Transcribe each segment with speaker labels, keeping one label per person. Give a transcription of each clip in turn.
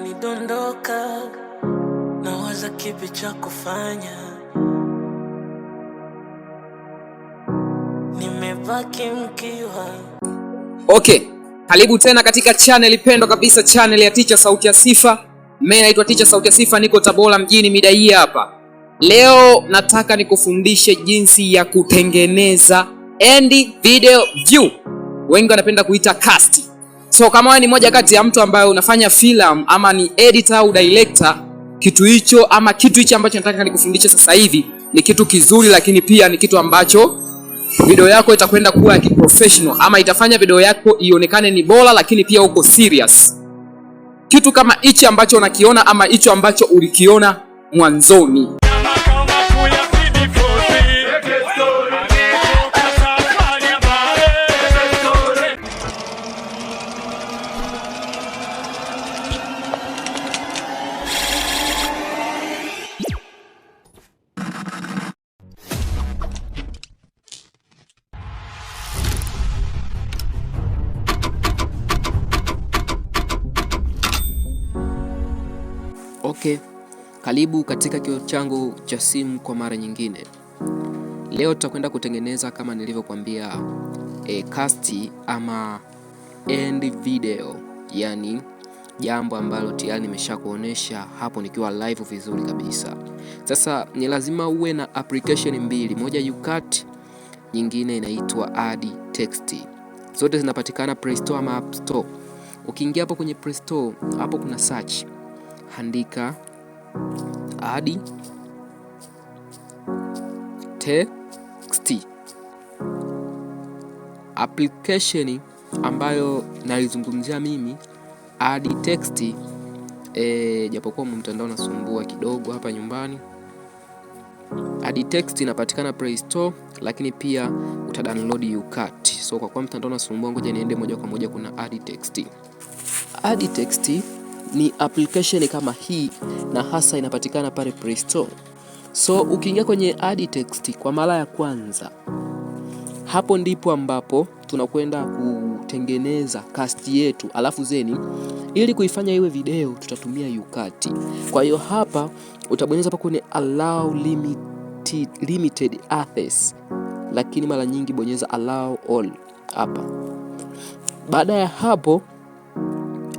Speaker 1: anidondoka, nawaza kipi cha kufanya. Nimebaki mkiwa. Okay, karibu tena katika channel pendwa kabisa, channel ya Teacher Sauti ya Sifa. me naitwa Teacher Sauti ya Sifa, niko Tabora mjini midai hapa. Leo nataka nikufundishe jinsi ya kutengeneza end video view, wengi wanapenda kuita cast So kama wewe ni moja kati ya mtu ambaye unafanya filamu ama ni editor au director, kitu hicho ama kitu hicho ambacho nataka nikufundishe sasa hivi ni kitu kizuri, lakini pia ni kitu ambacho video yako itakwenda kuwa ya kiprofessional ama itafanya video yako ionekane ni bora, lakini pia uko serious. Kitu kama hichi ambacho unakiona ama hicho ambacho ulikiona mwanzoni Karibu katika kio changu cha simu kwa mara nyingine. Leo tutakwenda kutengeneza kama nilivyokuambia e, cast ama end video, yani jambo ambalo tayari nimeshakuonesha hapo nikiwa live vizuri kabisa. Sasa ni lazima uwe na application mbili, moja uCut, nyingine inaitwa Add Text. Zote zinapatikana Play Store ama App Store. Ukiingia hapo kwenye Play Store, hapo kuna search, andika ahadi, teksti. Application ambayo nalizungumzia mimi adi texti e, eh, japokuwa mtandao nasumbua kidogo hapa nyumbani. Ahadi text inapatikana Play Store, lakini pia uta download ukat. So kwa kwa mtandao nasumbua ngoja niende moja kwa moja, kuna ahadi text. Ahadi text ni application kama hii, na hasa inapatikana pale Play Store. So ukiingia kwenye add text kwa mara ya kwanza, hapo ndipo ambapo tunakwenda kutengeneza cast yetu, alafu zeni ili kuifanya iwe video tutatumia ukati. Kwa hiyo hapa utabonyeza hapa kwenye allow limited, limited access, lakini mara nyingi bonyeza allow all hapa. Baada ya hapo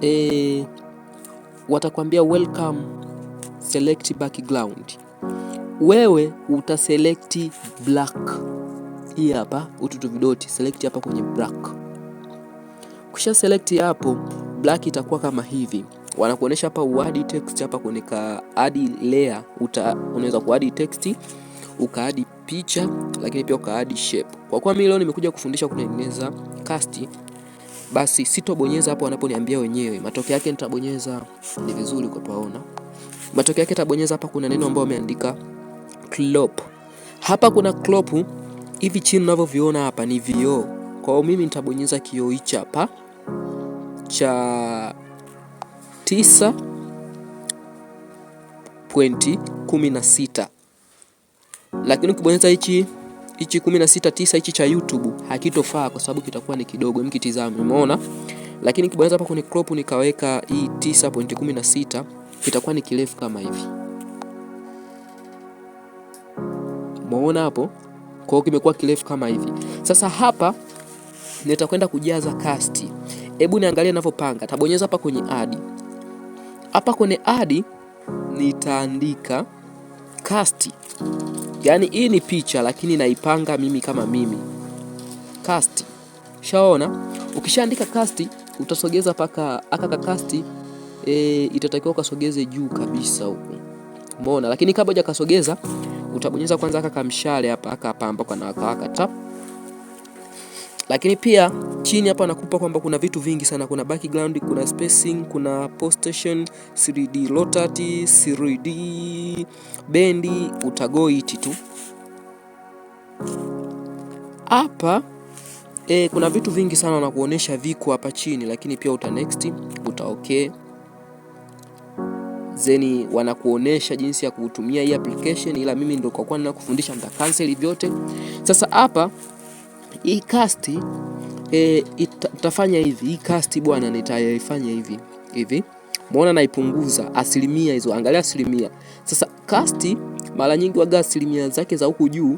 Speaker 1: eh, watakwambia welcome select background. Wewe utaselekti black hii hapa, ututu vidoti select hapa kwenye black. Kisha select hapo black, itakuwa kama hivi, wanakuonesha hapa uadi text hapa kwenye ka adi layer, unaweza kuadi text ukaadi picha, lakini pia ukaadi shape. Kwa kuwa mimi leo nimekuja kufundisha kutengeneza cast basi sitobonyeza hapo wanaponiambia wenyewe. Matokeo yake nitabonyeza, ni vizuri ukapaona. Matokeo yake tabonyeza hapa, kuna neno ambayo wameandika Klopp. Hapa kuna Klopp, hivi chini unavyoviona hapa ni vioo. Kwa hiyo mimi nitabonyeza kioo hichi hapa cha 9.16 lakini ukibonyeza hichi hichi 16.9 hichi cha YouTube hakitofaa kwa sababu kitakuwa ni kidogo, mkitizame, umeona. Lakini kibonyeza hapa kwenye crop nikaweka hii 9.16 kitakuwa ni kirefu kama hivi, umeona hapo. Kwa hiyo kimekuwa kirefu kama hivi. Sasa hapa nitakwenda kujaza cast. Hebu niangalie ninavyopanga. Tabonyeza hapa kwenye add. Hapa kwenye add nitaandika cast Yaani hii ni picha lakini naipanga mimi kama mimi. Cast. Shaona? Ukishaandika cast utasogeza paka aka ka cast e, itatakiwa ukasogeze juu kabisa huko. Umeona? Lakini kabla hujakasogeza utabonyeza kwanza aka kamshale hapa aka hapa kwa na tap. Lakini pia chini hapa nakupa kwamba kuna vitu vingi sana, kuna background, kuna spacing, kuna postation, 3D rotati, 3D bendi, utagoiti tu hapa e, kuna vitu vingi sana na kuonesha viko hapa chini, lakini pia uta next, uta okay zeni wanakuonesha jinsi ya kutumia hii application, ila mimi ndio kwa kwa ninakufundisha nita vyote. Sasa hapa hii kasti e, eh, itafanya hivi. Hii kasti bwana, nitaifanya hivi hivi, muona naipunguza asilimia hizo, angalia asilimia. Sasa kasti mara nyingi waga asilimia zake za huku juu,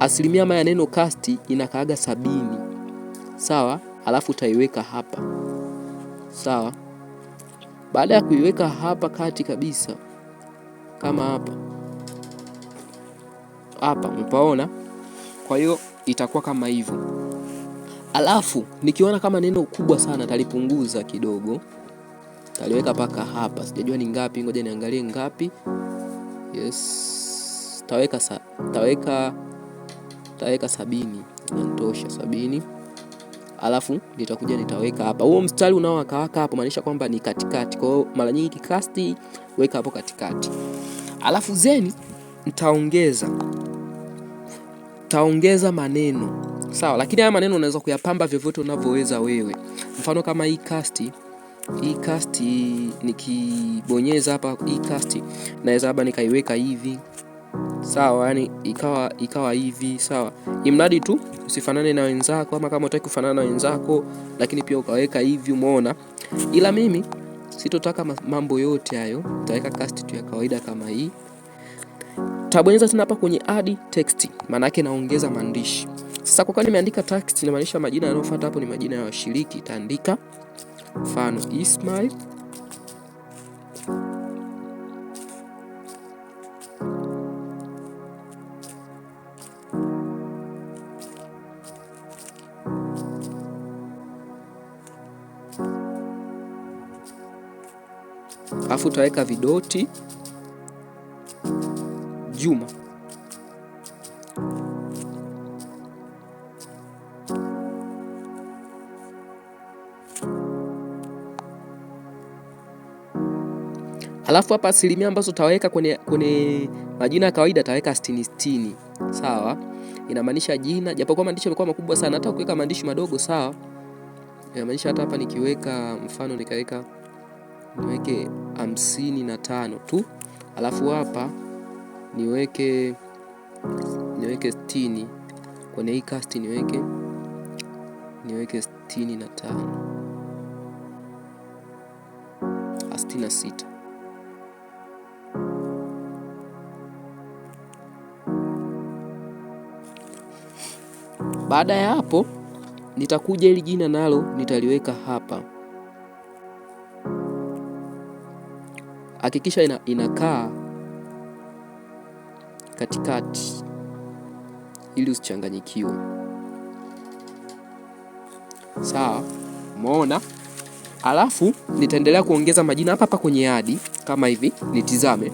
Speaker 1: asilimia maya ya neno kasti inakaaga sabini, sawa. Alafu utaiweka hapa, sawa. Baada ya kuiweka hapa kati kabisa, kama hapa hapa, mpaona. Kwa hiyo itakuwa kama hivyo. Alafu nikiona kama neno kubwa sana talipunguza kidogo, taliweka paka hapa. Sijajua ni ngapi, ngoja niangalie ngapi. Yes, taweka sa, taweka taweka sabini, natosha sabini. Alafu nitakuja nitaweka hapa huo mstari unaowakawaka hapo, maanisha kwamba ni katikati. Kwa hiyo mara nyingi kikasti weka hapo katikati, alafu zeni nitaongeza utaongeza maneno sawa, lakini haya maneno unaweza kuyapamba vyovyote unavyoweza wewe. Mfano kama hii cast, hii cast nikibonyeza hapa hii cast, naweza labda nikaiweka hivi sawa, yani ikawa ikawa hivi sawa, imradi tu usifanane na wenzako, ama kama unataka kufanana na wenzako, lakini pia ukaweka hivi, umeona. Ila mimi sitotaka mambo yote hayo, nitaweka cast tu ya kawaida kama hii. Utabonyeza tena hapa kwenye add text, maana yake naongeza maandishi. Sasa kwa kwani nimeandika text, inamaanisha majina yanayofuata hapo ni majina ya washiriki. Itaandika mfano Ismail alafu utaweka vidoti Juma. Halafu hapa asilimia ambazo taweka kwenye, kwenye majina ya kawaida taweka 60 60. Sawa, inamaanisha jina, japokuwa maandishi yamekuwa makubwa sana, hata ukiweka maandishi madogo sawa, inamaanisha hata hapa nikiweka mfano nikaweka niweke hamsini na tano tu, alafu hapa niweke niweke sitini kwenye hii cast niweke niweke sitini na tano ah, sitini na sita Baada ya hapo nitakuja hili jina nalo nitaliweka hapa. Hakikisha ina, inakaa katikati ili usichanganyikiwe. Sawa, umeona? Alafu nitaendelea kuongeza majina hapa hapa kwenye adi kama hivi, nitizame.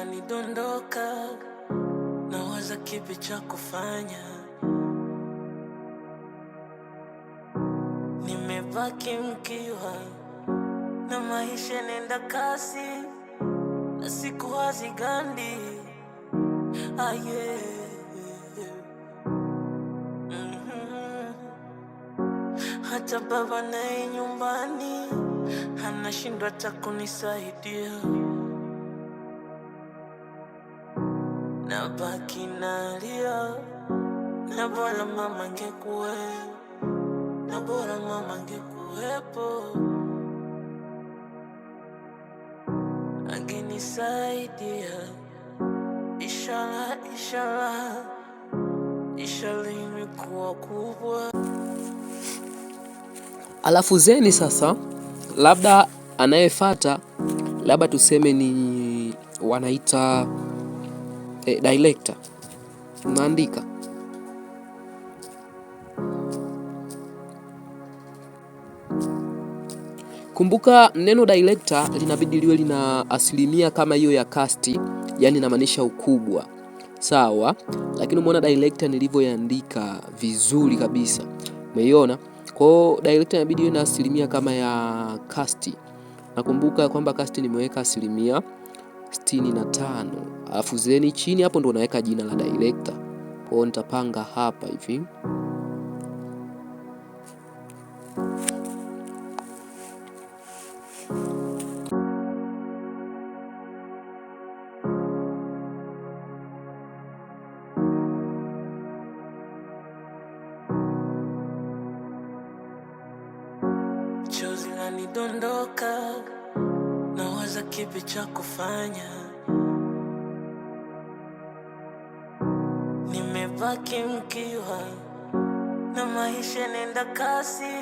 Speaker 1: unanidondoka, nawaza kipi cha kufanya. Nimebaki mkiwa na maisha nenda kasi na siku hazigandi. gandi aye mm-hmm. Hata baba naye nyumbani anashindwa hata kunisaidia nalia, na bora mama ngekuwe, na bora mama ngekuwepo, angenisaidia. ishala ishala inshallah imekuwa kubwa. Alafu zeni sasa, labda anayefata labda tuseme ni wanaita eh, director unaandika Kumbuka neno director linabidi liwe lina asilimia kama hiyo ya kasti yani inamaanisha ukubwa sawa. Lakini umeona director nilivyoandika vizuri kabisa, umeiona? Kwa hiyo director inabidi iwe na asilimia kama ya kasti Nakumbuka kwamba kasti nimeweka asilimia 65 alafu zeni chini hapo ndo unaweka jina la director. Kwa hiyo nitapanga hapa hivi chozi la nidondoka Waza kipi cha kufanya, nimebaki mkiwa na maisha nenda kasi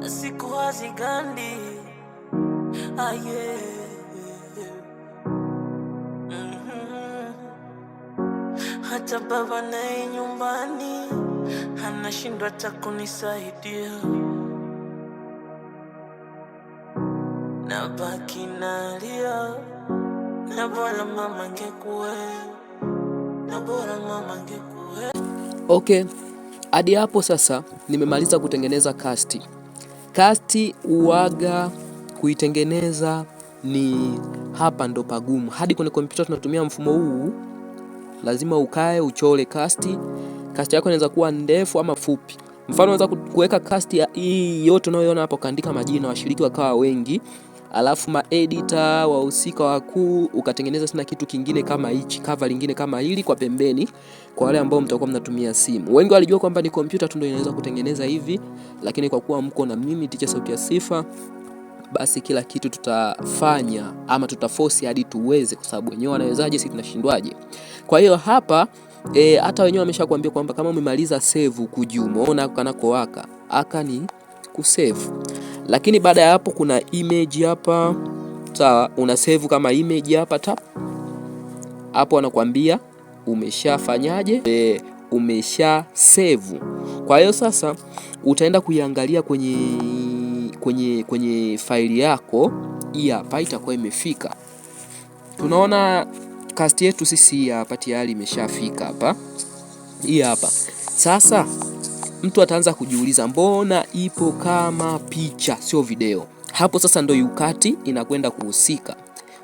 Speaker 1: na siku hazigandi. Ah, yeah. Mm-hmm. Hata baba naye nyumbani anashindwa takunisaidia nabaki nalia, na bora mama ngekuwe, na bora mama ngekuwe. Okay, hadi hapo sasa nimemaliza kutengeneza kasti. Kasti uwaga kuitengeneza ni hapa ndo pagumu. Hadi kwenye kompyuta tunatumia mfumo huu, lazima ukae uchole kasti. Kasti yako inaweza kuwa ndefu ama fupi. Mfano, unaweza kuweka kasti hii yote unayoona hapo, kaandika majina washiriki wakawa wengi alafu maedita wahusika wakuu, ukatengeneza tena kitu kingine kama hichi, cover lingine kama hili kwa pembeni, kwa wale ambao mtakuwa mnatumia simu. Wengi walijua kwamba ni kompyuta tu ndio inaweza kutengeneza hivi, lakini kwa kuwa mko na mimi Teacher Sauti ya Sifa, basi kila kitu tutafanya ama tutaforce hadi tuweze, kwa sababu wenyewe wanawezaje, sisi tunashindwaje? Kwa hiyo hapa e, hata wenyewe wameshakwambia kwamba kama umemaliza save, kuji umeona kanako waka aka ni kusave lakini baada ya hapo kuna image hapa, sawa, una save kama image hapa tap. Hapo anakuambia umeshafanyaje? E, umesha save. Kwa hiyo sasa utaenda kuiangalia kwenye kwenye kwenye faili yako hii hapa itakuwa imefika. Tunaona kasti yetu sisi hapa tayari imeshafika hapa, hii hapa sasa mtu ataanza kujiuliza mbona ipo kama picha sio video. Hapo sasa ndo yukati inakwenda kuhusika.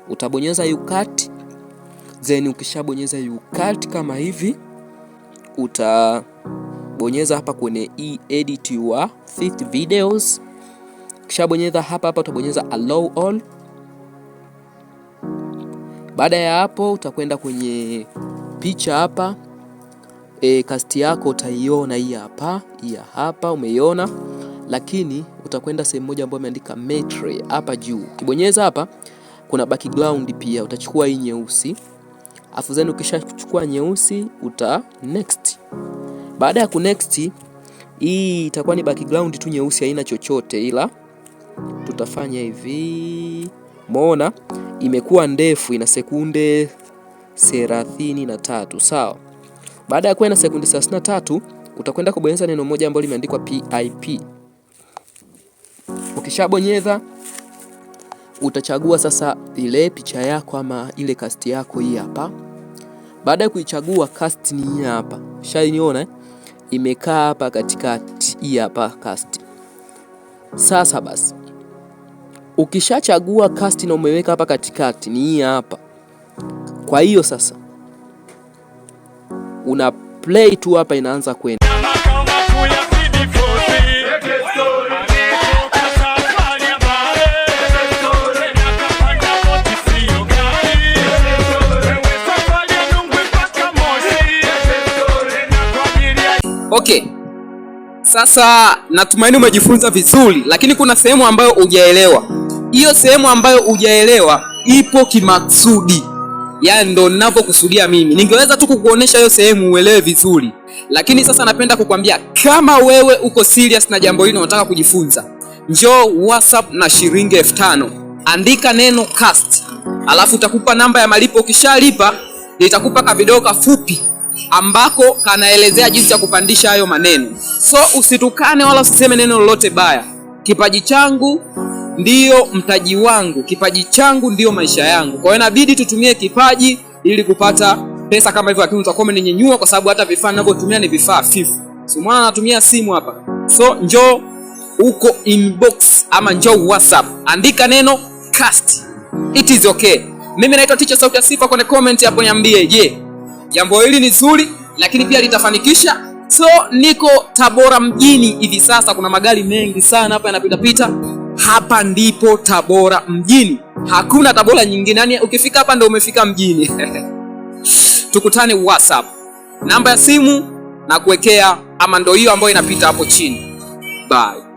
Speaker 1: Utabonyeza yukati, then ukishabonyeza yukati kama hivi, utabonyeza hapa kwenye e edit your fifth videos. Ukishabonyeza hapa hapa utabonyeza allow all. Baada ya hapo utakwenda kwenye picha hapa e, kasti yako utaiona hii hapa, hii hapa umeiona, lakini utakwenda sehemu moja ambayo imeandika metre hapa juu. Ukibonyeza hapa kuna background pia utachukua hii nyeusi, afu then ukishachukua nyeusi uta next. Baada ya ku next, hii itakuwa ni background tu nyeusi, haina chochote, ila tutafanya hivi. Umeona imekuwa ndefu, ina sekunde 33 na tatu. Sawa. Baada ya kwenda sekundi 33 utakwenda kubonyeza neno moja ambalo limeandikwa PIP. Ukishabonyeza utachagua sasa ile picha yako ama ile kasti yako hii hapa. Baada ya kuichagua cast ni hii hapa. Shaiona eh? Imekaa hapa katikati hii hapa cast. Sasa basi ukishachagua cast na umeweka hapa katikati ni hii hapa. Kwa hiyo sasa una play tu hapa, inaanza kwenda Okay. Sasa natumaini umejifunza vizuri, lakini kuna sehemu ambayo hujaelewa. Hiyo sehemu ambayo hujaelewa ipo kimaksudi yani ndo ninavyokusudia mimi. Ningeweza tu kukuonesha hiyo sehemu uelewe vizuri, lakini sasa napenda kukwambia kama wewe uko serious na jambo hili unataka kujifunza, njoo WhatsApp na shilingi elfu tano andika neno cast, alafu utakupa namba ya malipo. Ukishalipa nitakupa kavideo kafupi ambako kanaelezea jinsi ya kupandisha hayo maneno. So usitukane wala usiseme neno lolote baya. Kipaji changu ndiyo mtaji wangu, kipaji changu ndiyo maisha yangu. Kwa hiyo inabidi tutumie kipaji ili kupata pesa kama hivyo, lakini utakuwa umenyanyua, kwa sababu hata vifaa ninavyotumia ni vifaa fifu. So mwana anatumia simu hapa, so njoo uko inbox ama njoo WhatsApp, andika neno cast, it is okay. Mimi naitwa Teacher Sauti ya Sifa, kwenye comment hapo niambie, je, yeah. jambo hili ni zuri, lakini pia litafanikisha So niko Tabora mjini hivi sasa, kuna magari mengi sana hapa yanapita pita hapa ndipo Tabora mjini, hakuna Tabora nyingine. Yani ukifika hapa ndio umefika mjini. Tukutane WhatsApp, namba ya simu na kuwekea ama, ndio hiyo ambayo inapita hapo chini. Bye.